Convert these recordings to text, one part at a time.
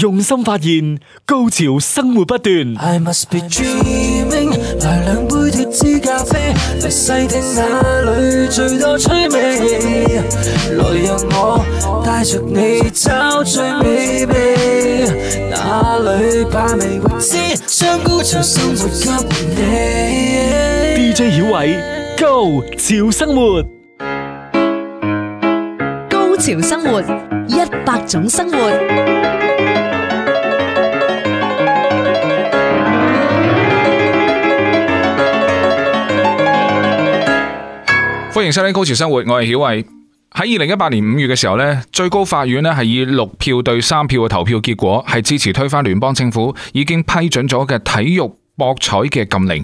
用心發現，高潮生活不斷。來兩杯脫脂咖啡，來細聽那裏最多趣味。來讓我帶着你找最美秘，哪裏把味先將高潮生活給你。DJ 曉偉，潮高潮生活，高潮生活一百種生活。歡迎收聽《高潮生活》，我係曉慧。喺二零一八年五月嘅時候咧，最高法院咧係以六票對三票嘅投票結果，係支持推翻聯邦政府已經批准咗嘅體育博彩嘅禁令。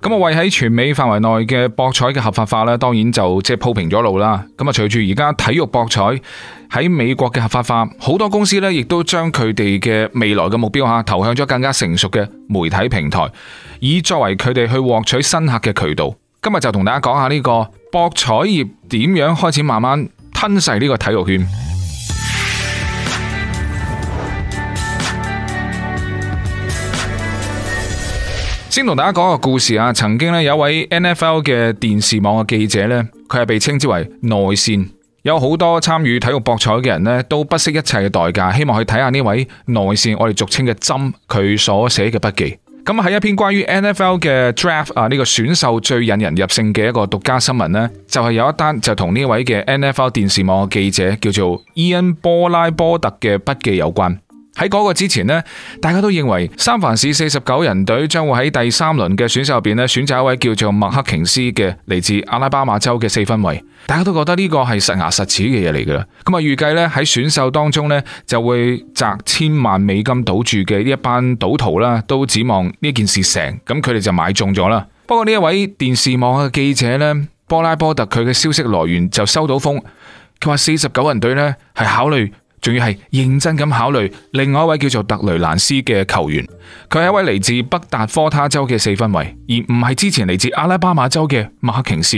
咁啊，為喺全美範圍內嘅博彩嘅合法化咧，當然就即係鋪平咗路啦。咁啊，隨住而家體育博彩喺美國嘅合法化，好多公司咧亦都將佢哋嘅未來嘅目標吓投向咗更加成熟嘅媒體平台，以作為佢哋去獲取新客嘅渠道。今日就同大家講下呢個博彩業點樣開始慢慢吞噬呢個體育圈。先同大家講個故事啊！曾經呢，有位 NFL 嘅電視網嘅記者呢，佢係被稱之為內線。有好多參與體育博彩嘅人呢，都不惜一切嘅代價，希望去睇下呢位內線，我哋俗稱嘅針，佢所寫嘅筆記。咁喺、嗯、一篇關於 NFL 嘅 draft 啊呢、呢個選秀最引人入勝嘅一個獨家新聞呢，就係、是、有一單就同呢位嘅 NFL 電視網嘅記者叫做 Ian 波拉波特嘅筆記有關。喺嗰個之前呢，大家都認為三藩市四十九人隊將會喺第三輪嘅選手入邊咧，選擇一位叫做麥克瓊斯嘅嚟自阿拉巴馬州嘅四分衛。大家都覺得呢個係實牙實齒嘅嘢嚟噶啦。咁啊，預計呢，喺選秀當中呢，就會砸千萬美金賭注嘅呢一班賭徒啦，都指望呢件事成，咁佢哋就買中咗啦。不過呢一位電視網嘅記者呢，波拉波特佢嘅消息來源就收到風，佢話四十九人隊呢係考慮。仲要係認真咁考慮另外一位叫做特雷蘭斯嘅球員，佢係一位嚟自北達科他州嘅四分衛，而唔係之前嚟自阿拉巴馬州嘅馬克瓊斯。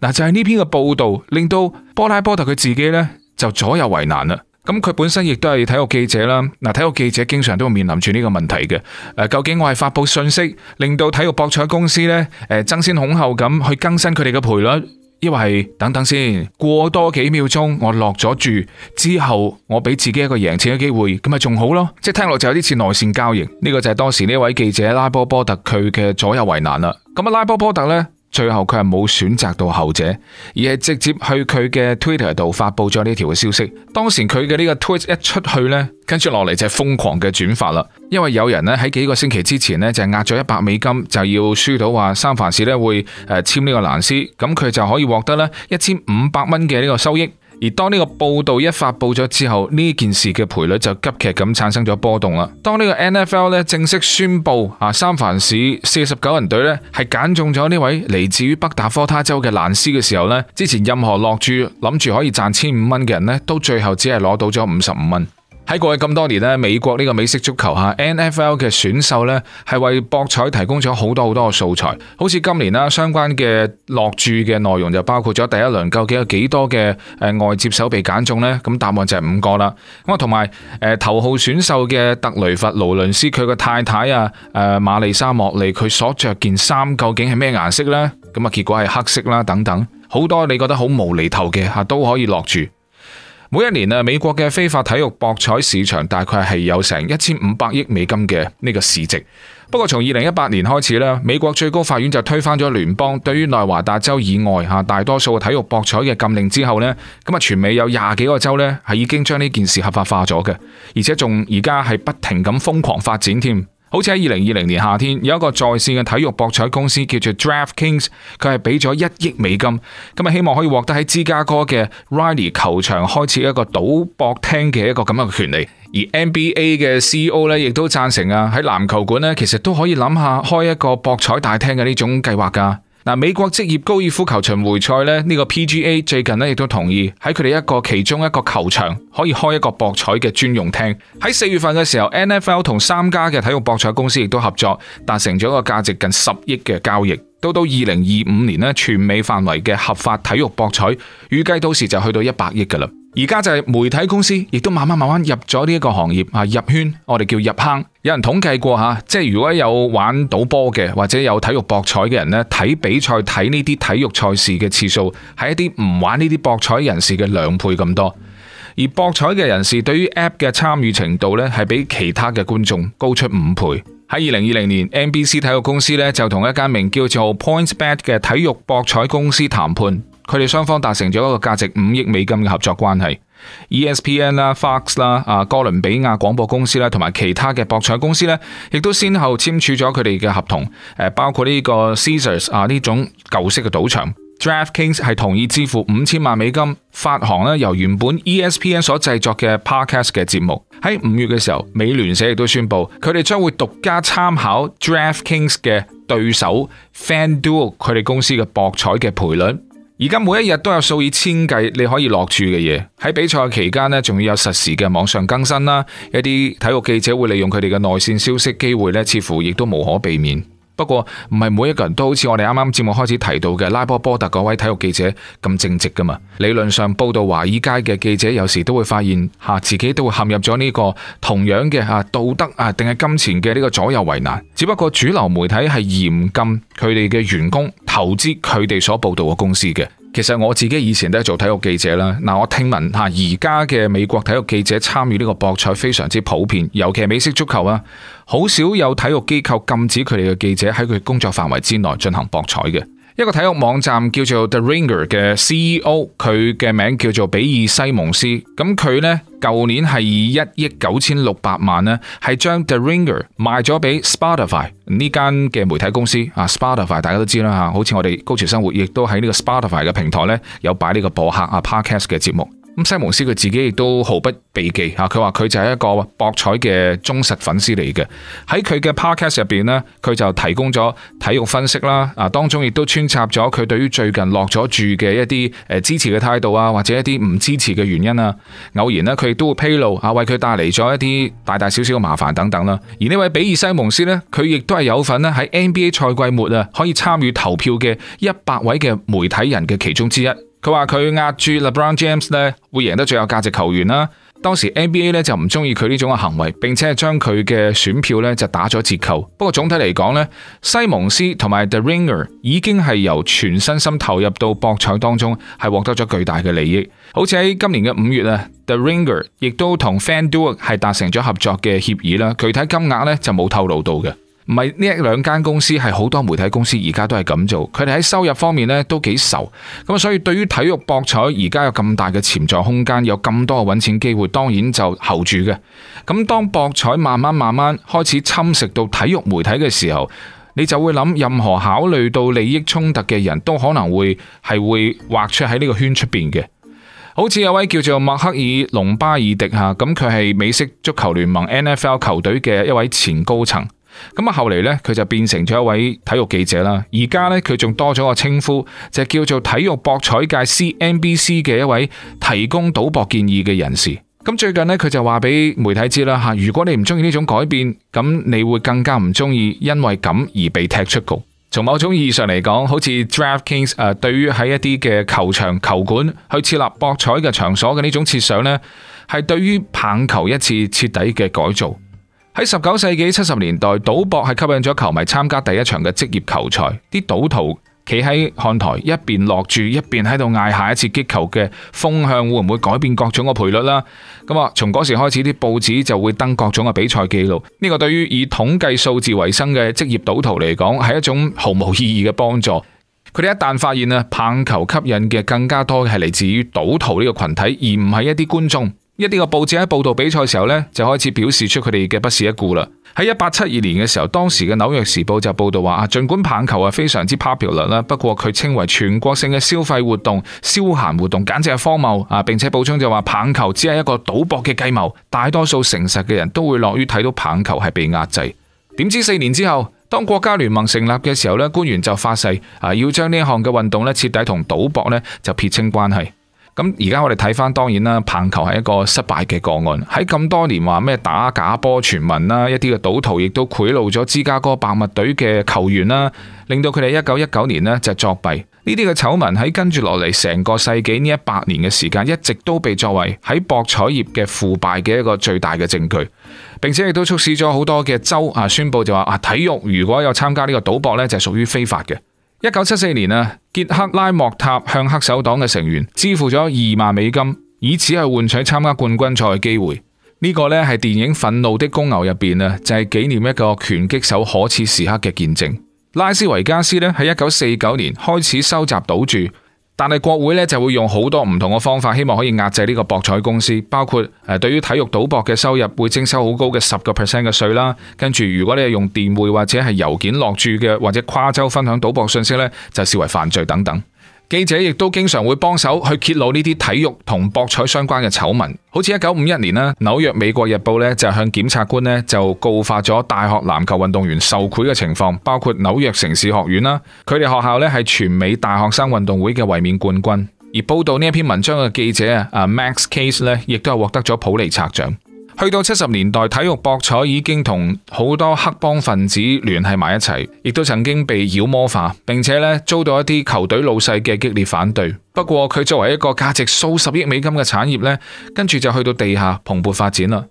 嗱，就係呢篇嘅報道令到波拉波特佢自己咧就左右為難啦。咁佢本身亦都係體育記者啦。嗱，體育記者經常都會面臨住呢個問題嘅。誒，究竟我係發佈信息，令到體育博彩公司咧誒爭先恐後咁去更新佢哋嘅賠率？因為等等先，過多幾秒鐘，我落咗注之後，我俾自己一個贏錢嘅機會，咁咪仲好咯。即係聽落就有啲似內線交易，呢、這個就係當時呢位記者拉波波特佢嘅左右為難啦。咁啊，拉波波特呢？最後佢係冇選擇到後者，而係直接去佢嘅 Twitter 度發布咗呢條嘅消息。當時佢嘅呢個 tweet 一出去呢，跟住落嚟就係瘋狂嘅轉發啦。因為有人呢喺幾個星期之前呢，就係押咗一百美金，就要輸到話三藩市呢會誒簽呢個蘭斯，咁佢就可以獲得呢一千五百蚊嘅呢個收益。而當呢個報道一發佈咗之後，呢件事嘅賠率就急劇咁產生咗波動啦。當呢個 NFL 咧正式宣布啊三藩市四十九人隊咧係揀中咗呢位嚟自於北達科他州嘅蘭斯嘅時候咧，之前任何落注諗住可以賺千五蚊嘅人咧，都最後只係攞到咗五十五蚊。喺過去咁多年呢，美國呢個美式足球下 N F L 嘅選秀呢係為博彩提供咗好多好多嘅素材。好似今年啦，相關嘅落注嘅內容就包括咗第一輪究竟有幾多嘅外接手被揀中呢？咁答案就係五個啦。咁啊，同埋誒頭號選秀嘅特雷弗勞倫斯佢個太太啊，誒瑪麗莎莫莉佢所着件衫究竟係咩顏色呢？咁啊，結果係黑色啦，等等，好多你覺得好無厘頭嘅吓都可以落注。每一年啊，美國嘅非法體育博彩市場大概係有成一千五百億美金嘅呢個市值。不過從二零一八年開始咧，美國最高法院就推翻咗聯邦對於內華達州以外吓大多數嘅體育博彩嘅禁令之後呢，咁啊全美有廿幾個州呢係已經將呢件事合法化咗嘅，而且仲而家係不停咁瘋狂發展添。好似喺二零二零年夏天，有一個在線嘅體育博彩公司叫做 DraftKings，佢係俾咗一億美金，咁啊希望可以獲得喺芝加哥嘅 Riley 球場開設一個賭博廳嘅一個咁樣嘅權利。而 NBA 嘅 CEO 呢亦都贊成啊，喺籃球館呢，其實都可以諗下開一個博彩大廳嘅呢種計劃噶。嗱，美國職業高爾夫球巡迴賽咧，呢、這個 PGA 最近咧亦都同意喺佢哋一個其中一個球場可以開一個博彩嘅專用廳。喺四月份嘅時候，NFL 同三家嘅體育博彩公司亦都合作，達成咗一個價值近十億嘅交易。到到二零二五年咧，全美範圍嘅合法體育博彩預計到時就去到一百億㗎喇。而家就係媒體公司，亦都慢慢慢慢入咗呢一個行業啊，入圈我哋叫入坑。有人統計過吓，即係如果有玩賭波嘅或者有體育博彩嘅人咧，睇比賽睇呢啲體育賽事嘅次數，係一啲唔玩呢啲博彩人士嘅兩倍咁多。而博彩嘅人士對於 app 嘅參與程度咧，係比其他嘅觀眾高出五倍。喺二零二零年，NBC 體育公司咧就同一間名叫做 PointsBet 嘅體育博彩公司談判。佢哋雙方達成咗一個價值五億美金嘅合作關係。ESPN 啦、Fox 啦、啊哥倫比亞廣播公司啦，同埋其他嘅博彩公司咧，亦都先後簽署咗佢哋嘅合同。誒，包括呢個 Caesars、e、啊，呢種舊式嘅賭場 DraftKings 係同意支付五千萬美金發行咧，由原本 ESPN 所製作嘅 Podcast 嘅節目。喺五月嘅時候，美聯社亦都宣布佢哋將會獨家參考 DraftKings 嘅對手 FanDuel 佢哋公司嘅博彩嘅賠率。而家每一日都有數以千計你可以落注嘅嘢，喺比賽期間呢，仲要有實時嘅網上更新啦。一啲體育記者會利用佢哋嘅內線消息機會呢，似乎亦都無可避免。不過唔係每一個人都好似我哋啱啱節目開始提到嘅拉波波特嗰位體育記者咁正直㗎嘛？理論上報道華爾街嘅記者有時都會發現吓自己都會陷入咗呢個同樣嘅吓道德啊定係金錢嘅呢個左右為難。只不過主流媒體係嚴禁佢哋嘅員工投資佢哋所報道嘅公司嘅。其實我自己以前都係做體育記者啦，嗱，我聽聞吓，而家嘅美國體育記者參與呢個博彩非常之普遍，尤其係美式足球啊，好少有體育機構禁止佢哋嘅記者喺佢工作範圍之內進行博彩嘅。一個體育網站叫做 The Ringer 嘅 CEO，佢嘅名叫做比爾西蒙斯。咁佢咧舊年係以一億九千六百萬咧，係將 The Ringer 賣咗俾 Spotify 呢間嘅媒體公司。啊，Spotify 大家都知啦，好似我哋高潮生活亦都喺呢個 Spotify 嘅平台呢，有擺呢個播客啊，Podcast 嘅節目。咁西蒙斯佢自己亦都毫不避忌啊！佢話佢就係一個博彩嘅忠實粉絲嚟嘅。喺佢嘅 podcast 入邊呢，佢就提供咗體育分析啦。啊，當中亦都穿插咗佢對於最近落咗注嘅一啲誒支持嘅態度啊，或者一啲唔支持嘅原因啊。偶然呢，佢亦都會披露啊，為佢帶嚟咗一啲大大小小嘅麻煩等等啦。而呢位比爾西蒙斯呢，佢亦都係有份呢，喺 NBA 賽季末啊，可以參與投票嘅一百位嘅媒體人嘅其中之一。佢話：佢押住 LeBron James 咧，會贏得最有價值球員啦。當時 NBA 咧就唔中意佢呢種嘅行為，並且係將佢嘅選票咧就打咗折扣。不過總體嚟講呢，西蒙斯同埋 The Ringer 已經係由全身心投入到博彩當中，係獲得咗巨大嘅利益。好似喺今年嘅五月啊，The Ringer 亦都同 FanDuel 係、ok、達成咗合作嘅協議啦。具體金額呢就冇透露到嘅。唔係呢一兩間公司，係好多媒體公司而家都係咁做。佢哋喺收入方面呢都幾愁咁，所以對於體育博彩而家有咁大嘅潛在空間，有咁多嘅揾錢機會，當然就候住嘅。咁當博彩慢慢慢慢開始侵蝕到體育媒體嘅時候，你就會諗任何考慮到利益衝突嘅人都可能會係會劃出喺呢個圈出邊嘅。好似有位叫做麥克爾隆巴爾迪嚇，咁佢係美式足球聯盟 NFL 球隊嘅一位前高層。咁啊，後嚟咧，佢就變成咗一位體育記者啦。而家咧，佢仲多咗個稱呼，就叫做體育博彩界 CNBC 嘅一位提供賭博建議嘅人士。咁最近呢，佢就話俾媒體知啦吓，如果你唔中意呢種改變，咁你會更加唔中意，因為咁而被踢出局。從某種意義上嚟講，好似 DraftKings 誒，對於喺一啲嘅球場、球館去設立博彩嘅場所嘅呢種設想呢，係對於棒球一次徹底嘅改造。喺十九世紀七十年代，賭博係吸引咗球迷參加第一場嘅職業球賽。啲賭徒企喺看台，一邊落注，一邊喺度嗌下一次擊球嘅風向會唔會改變，各種嘅賠率啦。咁啊，從嗰時開始，啲報紙就會登各種嘅比賽記錄。呢個對於以統計數字為生嘅職業賭徒嚟講，係一種毫無意義嘅幫助。佢哋一旦發現啊，棒球吸引嘅更加多嘅係嚟自於賭徒呢個群體，而唔係一啲觀眾。一啲個報紙喺報道比賽嘅時候呢，就開始表示出佢哋嘅不屑一顧啦。喺一八七二年嘅時候，當時嘅紐約時報就報道話啊，盡管棒球係非常之 popular 啦，不過佢稱為全國性嘅消費活動，消閒活動，簡直係荒謬啊，並且補充就話棒球只係一個賭博嘅計謀，大多數誠實嘅人都會樂於睇到棒球係被壓制。點知四年之後，當國家聯盟成立嘅時候呢，官員就發誓啊，要將呢一項嘅運動呢徹底同賭博呢就撇清關係。咁而家我哋睇翻，當然啦，棒球係一個失敗嘅個案。喺咁多年話咩打假波傳聞啦，一啲嘅賭徒亦都賄賂咗芝加哥白襪隊嘅球員啦，令到佢哋一九一九年呢就作弊。呢啲嘅醜聞喺跟住落嚟成個世紀呢一百年嘅時間一直都被作為喺博彩業嘅腐敗嘅一個最大嘅證據。並且亦都促使咗好多嘅州啊宣佈就話啊，體育如果有參加呢個賭博呢，就屬於非法嘅。一九七四年啊，傑克拉莫塔向黑手黨嘅成員支付咗二萬美金，以此去換取參加冠軍賽嘅機會。呢、這個咧係電影《憤怒的公牛》入邊啊，就係、是、紀念一個拳擊手可恥時刻嘅見證。拉斯維加斯咧喺一九四九年開始收集賭注。但係國會咧就會用好多唔同嘅方法，希望可以壓制呢個博彩公司，包括誒對於體育賭博嘅收入會徵收好高嘅十個 percent 嘅稅啦。跟住如果你係用電匯或者係郵件落注嘅或者跨州分享賭博信息，咧，就視為犯罪等等。記者亦都經常會幫手去揭露呢啲體育同博彩相關嘅醜聞，好似一九五一年呢《紐約美國日報》呢就向檢察官呢就告發咗大學籃球運動員受賄嘅情況，包括紐約城市學院啦，佢哋學校呢係全美大學生運動會嘅衛冕冠軍，而報道呢篇文章嘅記者啊 Max Case 呢亦都係獲得咗普利策獎。去到七十年代，體育博彩已經同好多黑幫分子聯繫埋一齊，亦都曾經被妖魔化，並且咧遭到一啲球隊老細嘅激烈反對。不過佢作為一個價值數十億美金嘅產業咧，跟住就去到地下蓬勃發展啦。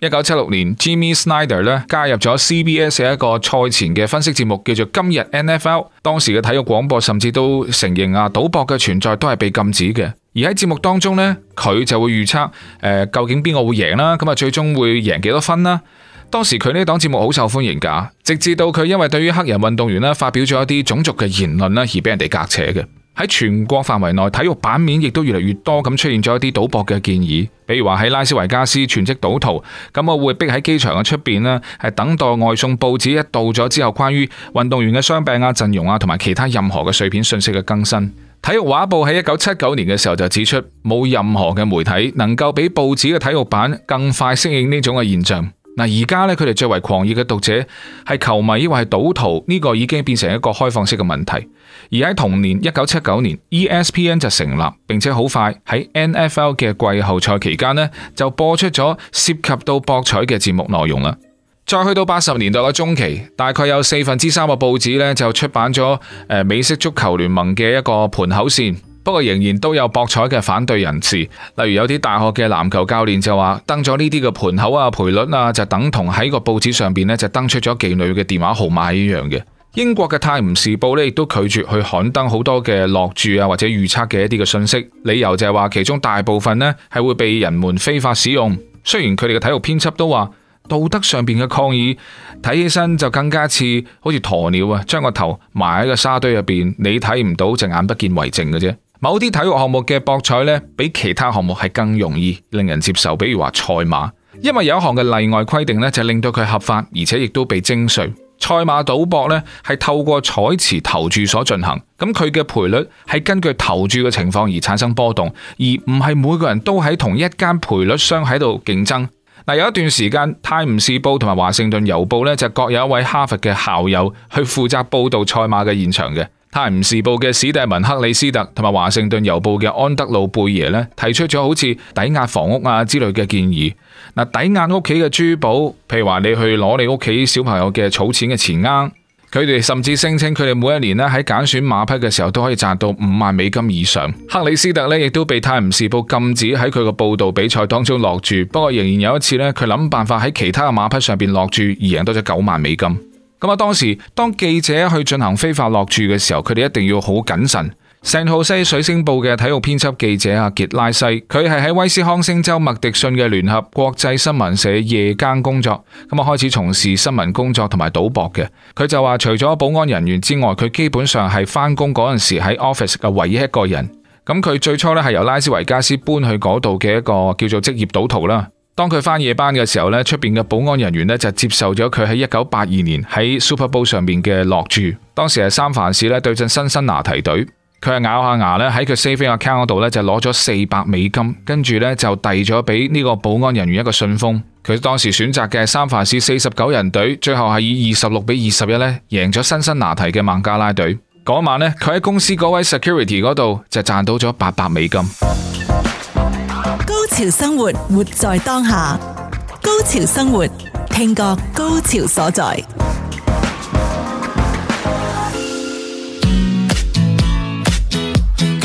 一九七六年，Jimmy Snyder 咧加入咗 CBS 嘅一個賽前嘅分析節目，叫做《今日 NFL》。當時嘅體育廣播甚至都承認啊，賭博嘅存在都係被禁止嘅。而喺節目當中呢，佢就會預測誒、呃，究竟邊個會贏啦？咁啊，最終會贏幾多分啦？當時佢呢一檔節目好受歡迎噶，直至到佢因為對於黑人運動員咧發表咗一啲種族嘅言論啦，而俾人哋隔扯嘅。喺全國範圍內，體育版面亦都越嚟越多咁出現咗一啲賭博嘅建議，比如話喺拉斯維加斯全職賭徒，咁我會逼喺機場嘅出邊啦，係等待外送報紙一到咗之後，關於運動員嘅傷病啊、陣容啊，同埋其他任何嘅碎片信息嘅更新。體育畫報喺一九七九年嘅時候就指出，冇任何嘅媒體能夠比報紙嘅體育版更快適應呢種嘅現象。嗱，而家咧，佢哋最為狂熱嘅讀者係球迷，亦或係賭徒，呢個已經變成一個開放式嘅問題。而喺同年一九七九年，ESPN 就成立，並且好快喺 NFL 嘅季後賽期間呢，就播出咗涉及到博彩嘅節目內容啦。再去到八十年代嘅中期，大概有四分之三嘅報紙咧就出版咗誒美式足球聯盟嘅一個盤口線，不過仍然都有博彩嘅反對人士。例如有啲大學嘅籃球教練就話登咗呢啲嘅盤口啊、賠率啊，就等同喺個報紙上邊咧就登出咗妓女嘅電話號碼一樣嘅。英國嘅泰晤士報咧亦都拒絕去刊登好多嘅落注啊或者預測嘅一啲嘅信息，理由就係話其中大部分咧係會被人們非法使用。雖然佢哋嘅體育編輯都話，道德上邊嘅抗議，睇起身，就更加似好似鴕鳥啊，將個頭埋喺個沙堆入邊，你睇唔到就眼不見為淨嘅啫。某啲體育項目嘅博彩呢，比其他項目係更容易令人接受，比如話賽馬，因為有一項嘅例外規定呢，就令到佢合法，而且亦都被徵稅。賽馬賭博呢，係透過彩池投注所進行，咁佢嘅賠率係根據投注嘅情況而產生波動，而唔係每個人都喺同一間賠率商喺度競爭。嗱，有一段時間，《泰晤士報》同埋《華盛頓郵報》呢，就各有一位哈佛嘅校友去負責報導賽馬嘅現場嘅，《泰晤士報》嘅史蒂文克里斯特同埋《華盛頓郵報》嘅安德魯貝耶呢，提出咗好似抵押房屋啊之類嘅建議，嗱，抵押屋企嘅珠寶，譬如話你去攞你屋企小朋友嘅儲錢嘅錢罌。佢哋甚至聲稱佢哋每一年咧喺揀選馬匹嘅時候都可以賺到五萬美金以上。克里斯特咧亦都被《泰晤士報》禁止喺佢個報道比賽當中落注。不過仍然有一次咧，佢諗辦法喺其他嘅馬匹上邊落注而贏多咗九萬美金。咁啊，當時當記者去進行非法落注嘅時候，佢哋一定要好謹慎。聖浩西水星報嘅體育編輯記者阿杰拉西，佢係喺威斯康星州麥迪遜嘅聯合國際新聞社夜間工作。咁啊，開始從事新聞工作同埋賭博嘅。佢就話，除咗保安人員之外，佢基本上係翻工嗰陣時喺 office 嘅唯一一個人。咁佢最初咧係由拉斯維加斯搬去嗰度嘅一個叫做職業賭徒啦。當佢翻夜班嘅時候咧，出邊嘅保安人員咧就接受咗佢喺一九八二年喺 Super Bowl 上面嘅落注，當時係三藩市咧對陣辛辛那提隊。佢咬下牙咧，喺佢 saving account 度咧就攞咗四百美金，跟住咧就遞咗俾呢個保安人員一個信封。佢當時選擇嘅三藩市四十九人隊，最後係以二十六比二十一咧贏咗辛辛那提嘅孟加拉隊。嗰晚咧佢喺公司嗰位 security 嗰度就賺到咗八百美金。高潮生活，活在當下。高潮生活，聽覺高潮所在。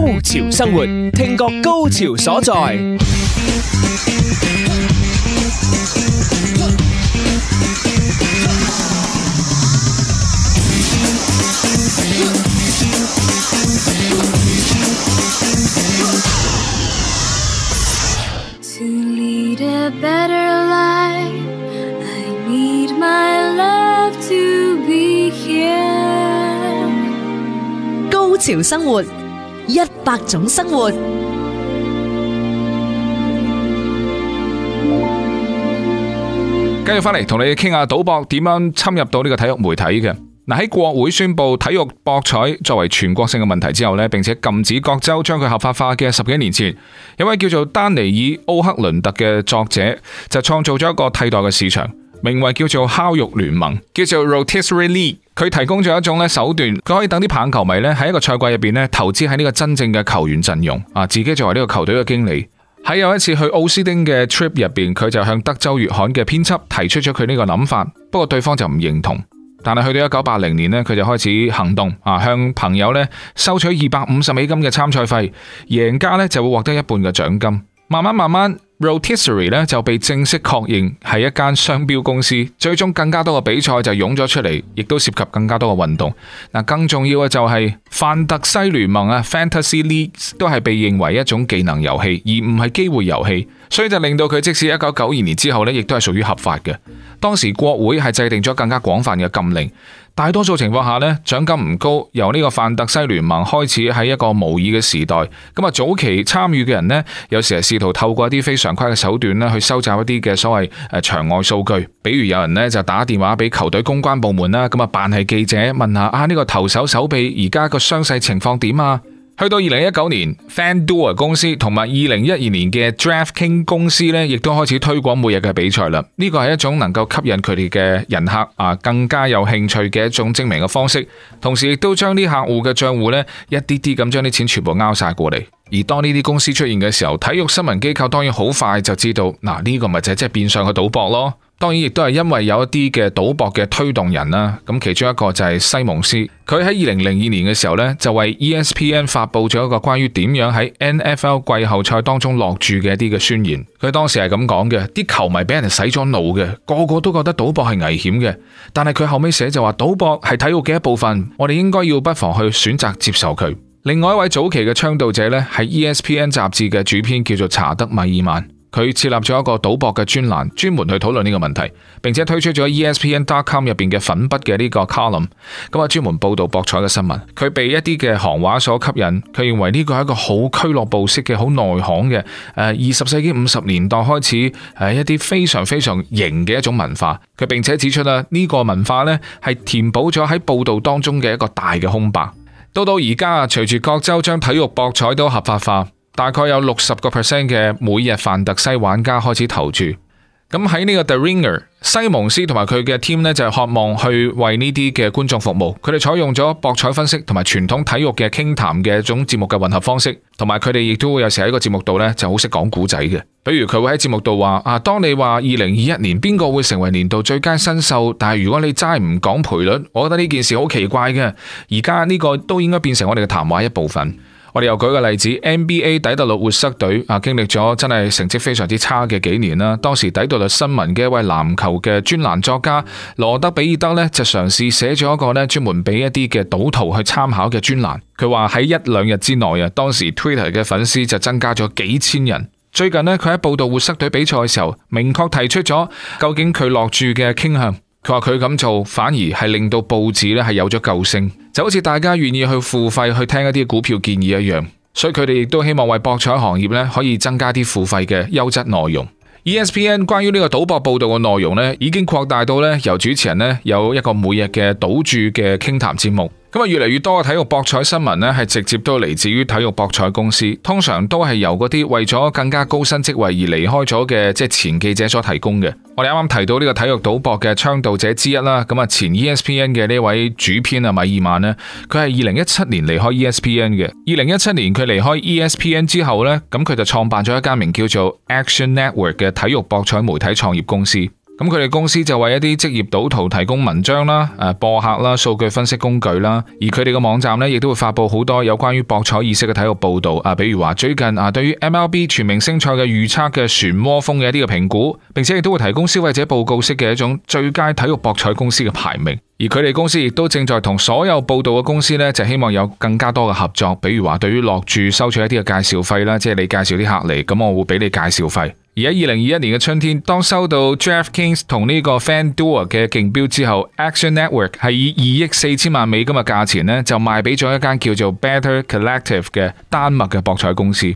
高潮生活，聽覺高潮所在。高潮生活。百種生活，繼續翻嚟同你傾下賭博點樣侵入到呢個體育媒體嘅。嗱，喺國會宣布體育博彩作為全國性嘅問題之後咧，並且禁止各州將佢合法化嘅十幾年前，有位叫做丹尼爾奧克倫特嘅作者就創造咗一個替代嘅市場，名為叫做烤肉聯盟，叫做 Rotisserie League 佢提供咗一種咧手段，佢可以等啲棒球迷咧喺一個賽季入邊咧投資喺呢個真正嘅球員陣容啊。自己作為呢個球隊嘅經理。喺有一次去奧斯丁嘅 trip 入邊，佢就向德州月刊嘅編輯提出咗佢呢個諗法。不過對方就唔認同。但係去到一九八零年咧，佢就開始行動啊，向朋友咧收取二百五十美金嘅參賽費，贏家咧就會獲得一半嘅獎金。慢慢慢慢。Rotisserie 咧就被正式確認係一間商標公司，最終更加多嘅比賽就湧咗出嚟，亦都涉及更加多嘅運動。嗱，更重要嘅就係、是、范特西聯盟啊，Fantasy League 都係被認為一種技能遊戲，而唔係機會遊戲，所以就令到佢即使一九九二年之後呢，亦都係屬於合法嘅。當時國會係制定咗更加廣泛嘅禁令。大多數情況下咧，獎金唔高。由呢個范特西聯盟開始，喺一個模擬嘅時代。咁啊，早期參與嘅人呢，有時係試圖透過一啲非常規嘅手段呢，去收集一啲嘅所謂誒場外數據。比如有人呢，就打電話俾球隊公關部門啦，咁啊扮係記者問下啊呢個投手手臂而家個傷勢情況點啊？去到二零一九年 FanDuel 公司同埋二零一二年嘅 DraftKings 公司咧，亦都開始推廣每日嘅比賽啦。呢個係一種能夠吸引佢哋嘅人客啊，更加有興趣嘅一種證明嘅方式，同時亦都將啲客戶嘅賬戶咧一啲啲咁將啲錢全部勾晒過嚟。而當呢啲公司出現嘅時候，體育新聞機構當然好快就知道嗱，呢個咪就即係變相嘅賭博咯。當然，亦都係因為有一啲嘅賭博嘅推動人啦。咁其中一個就係西蒙斯，佢喺二零零二年嘅時候呢，就為 ESPN 發布咗一個關於點樣喺 NFL 季後賽當中落注嘅一啲嘅宣言。佢當時係咁講嘅：啲球迷俾人洗咗腦嘅，個個都覺得賭博係危險嘅。但係佢後尾寫就話，賭博係體育嘅一部分，我哋應該要不妨去選擇接受佢。另外一位早期嘅倡導者呢，係 ESPN 雜誌嘅主編，叫做查德米爾曼。佢設立咗一個賭博嘅專欄，專門去討論呢個問題，並且推出咗 ESPN.com 入邊嘅粉筆嘅呢個 column，咁啊專門報道博彩嘅新聞。佢被一啲嘅行話所吸引，佢認為呢個係一個好俱樂部式嘅好內行嘅二十世紀五十年代開始誒一啲非常非常型嘅一種文化。佢並且指出啦，呢個文化呢係填補咗喺報道當中嘅一個大嘅空白。到到而家啊，隨住各州將體育博彩都合法化。大概有六十個 percent 嘅每日範特西玩家開始投注，咁喺呢個 The Ringer，西蒙斯同埋佢嘅 team 呢，就係渴望去為呢啲嘅觀眾服務。佢哋採用咗博彩分析同埋傳統體育嘅傾談嘅一種節目嘅混合方式，同埋佢哋亦都會有時喺個節目度呢就好識講古仔嘅。比如佢會喺節目度話：啊，當你話二零二一年邊個會成為年度最佳新秀？但係如果你齋唔講賠率，我覺得呢件事好奇怪嘅。而家呢個都應該變成我哋嘅談話一部分。我哋又舉個例子，NBA 底特律活塞隊啊，經歷咗真係成績非常之差嘅幾年啦。當時底特律新聞嘅一位籃球嘅專欄作家羅德比爾德呢，就嘗試寫咗一個呢專門俾一啲嘅賭徒去參考嘅專欄。佢話喺一兩日之內啊，當時 Twitter 嘅粉絲就增加咗幾千人。最近呢，佢喺報道活塞隊比賽嘅時候，明確提出咗究竟佢落注嘅傾向。佢話佢咁做反而係令到報紙咧係有咗救星，就好似大家願意去付費去聽一啲股票建議一樣，所以佢哋亦都希望為博彩行業咧可以增加啲付費嘅優質內容。ESPN 關於呢個賭博報導嘅內容咧已經擴大到咧由主持人咧有一個每日嘅賭注嘅傾談節目。咁啊，越嚟越多嘅體育博彩新聞呢，係直接都嚟自於體育博彩公司，通常都係由嗰啲為咗更加高薪職位而離開咗嘅，即係前記者所提供嘅。我哋啱啱提到呢個體育賭博嘅倡導者之一啦，咁啊，前 ESPN 嘅呢位主編啊，米爾曼呢，佢係二零一七年離開 ESPN 嘅。二零一七年佢離開 ESPN 之後呢，咁佢就創辦咗一間名叫做 Action Network 嘅體育博彩媒體創業公司。咁佢哋公司就為一啲職業賭徒提供文章啦、誒播客啦、數據分析工具啦，而佢哋嘅網站咧亦都會發布好多有關於博彩意識嘅體育報道啊，比如話最近啊，對於 MLB 全明星賽嘅預測嘅旋渦風嘅一啲嘅評估，並且亦都會提供消費者報告式嘅一種最佳體育博彩公司嘅排名。而佢哋公司亦都正在同所有報道嘅公司咧，就希望有更加多嘅合作，比如話對於落注收取一啲嘅介紹費啦，即係你介紹啲客嚟，咁我會俾你介紹費。而喺二零二一年嘅春天，當收到 DraftKings 同呢個 FanDuel 嘅競標之後，Action Network 係以二億四千萬美金嘅價錢呢就賣俾咗一間叫做 Better Collective 嘅丹麥嘅博彩公司。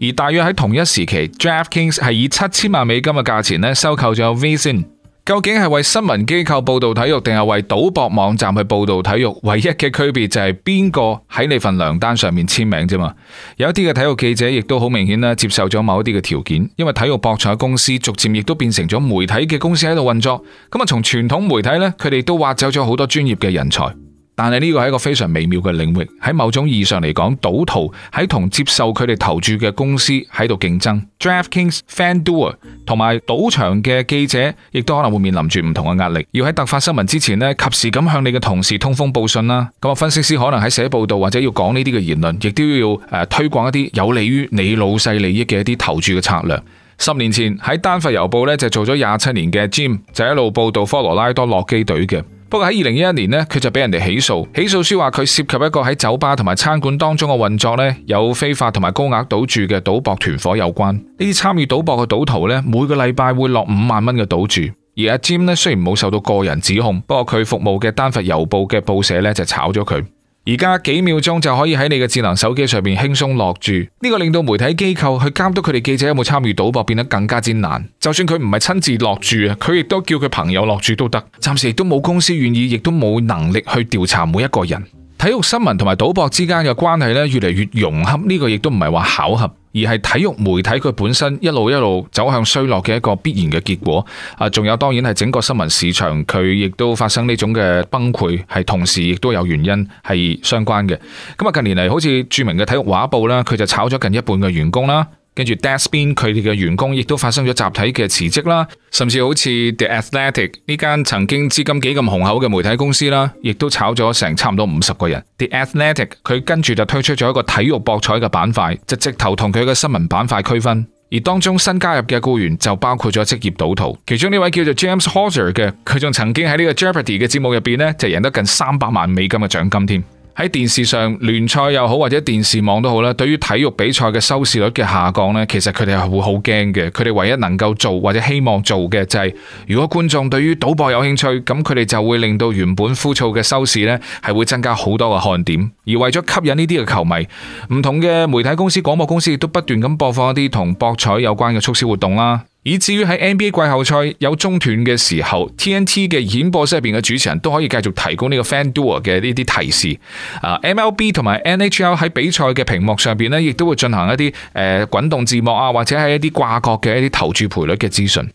而大約喺同一時期，DraftKings 係以七千萬美金嘅價錢呢收購咗 Vision。究竟係為新聞機構報道體育，定係為賭博網站去報道體育？唯一嘅區別就係邊個喺你份糧單上面簽名啫嘛。有一啲嘅體育記者亦都好明顯啦，接受咗某一啲嘅條件，因為體育博彩公司逐漸亦都變成咗媒體嘅公司喺度運作。咁啊，從傳統媒體呢，佢哋都挖走咗好多專業嘅人才。但係呢個係一個非常微妙嘅領域，喺某種意義上嚟講，賭徒喺同接受佢哋投注嘅公司喺度競爭。DraftKings FanDuel 同埋賭場嘅記者，亦都可能會面臨住唔同嘅壓力，要喺突發新聞之前呢，及時咁向你嘅同事通風報信啦。咁啊，分析師可能喺寫報道或者要講呢啲嘅言論，亦都要誒推廣一啲有利於你老細利益嘅一啲投注嘅策略。十年前喺丹佛郵報呢，就做咗廿七年嘅 Jim，就一路報道科羅拉多洛基隊嘅。不過喺二零一一年呢，佢就俾人哋起訴，起訴書話佢涉及一個喺酒吧同埋餐館當中嘅運作呢，有非法同埋高額賭注嘅賭博團夥有關。呢啲參與賭博嘅賭徒呢，每個禮拜會落五萬蚊嘅賭注。而阿詹呢，m 雖然冇受到個人指控，不過佢服務嘅丹佛郵報嘅報社呢，就炒咗佢。而家幾秒鐘就可以喺你嘅智能手機上面輕鬆落注，呢個令到媒體機構去監督佢哋記者有冇參與賭博變得更加之難。就算佢唔係親自落注啊，佢亦都叫佢朋友落注都得。暫時亦都冇公司願意，亦都冇能力去調查每一個人。體育新聞同埋賭博之間嘅關係咧，越嚟越融合，呢個亦都唔係話巧合。而係體育媒體佢本身一路一路走向衰落嘅一個必然嘅結果。啊，仲有當然係整個新聞市場佢亦都發生呢種嘅崩潰，係同時亦都有原因係相關嘅。咁啊，近年嚟好似著名嘅體育畫報啦，佢就炒咗近一半嘅員工啦。跟住 Deadspin 佢哋嘅員工亦都發生咗集體嘅辭職啦，甚至好似 The Athletic 呢間曾經資金幾咁雄厚嘅媒體公司啦，亦都炒咗成差唔多五十個人。The Athletic 佢跟住就推出咗一個體育博彩嘅板塊，就直頭同佢嘅新聞板塊區分。而當中新加入嘅僱員就包括咗職業賭徒，其中呢位叫做 James Holzhauer 嘅，佢仲曾經喺呢個 Jeopardy 嘅節目入邊呢，就贏得近三百萬美金嘅獎金添。喺電視上聯賽又好，或者電視網都好啦，對於體育比賽嘅收視率嘅下降呢，其實佢哋係會好驚嘅。佢哋唯一能夠做或者希望做嘅就係，如果觀眾對於賭博有興趣，咁佢哋就會令到原本枯燥嘅收視呢係會增加好多嘅看點。而為咗吸引呢啲嘅球迷，唔同嘅媒體公司、廣播公司亦都不斷咁播放一啲同博彩有關嘅促銷活動啦。以至於喺 NBA 季後賽有中斷嘅時候，TNT 嘅演播室入邊嘅主持人都可以繼續提供呢個 FanDuel 嘅呢啲提示。啊，MLB 同埋 NHL 喺比賽嘅屏幕上邊呢，亦都會進行一啲誒、呃、滾動字幕啊，或者係一啲掛角嘅一啲投注賠率嘅資訊。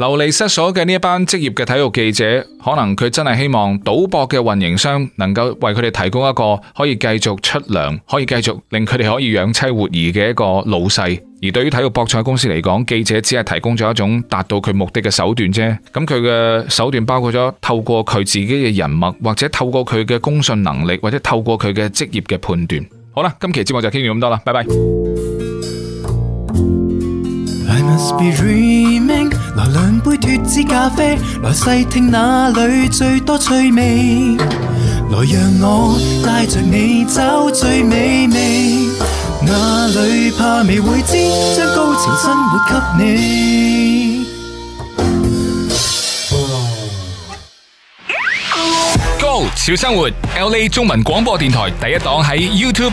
流離失所嘅呢一班職業嘅體育記者，可能佢真係希望賭博嘅運營商能夠為佢哋提供一個可以繼續出糧，可以繼續令佢哋可以養妻活兒嘅一個老細。而對於體育博彩公司嚟講，記者只係提供咗一種達到佢目的嘅手段啫。咁佢嘅手段包括咗透過佢自己嘅人脈，或者透過佢嘅公信能力，或者透過佢嘅職業嘅判斷。好啦，今期節目就傾到咁多啦，拜拜。來兩杯脫脂咖啡，來細聽哪裏最多趣味。來讓我帶着你找最美味，哪裏怕未會知，將高潮生活給你。Go，潮生活，LA 中文廣播電台第一檔喺 YouTube。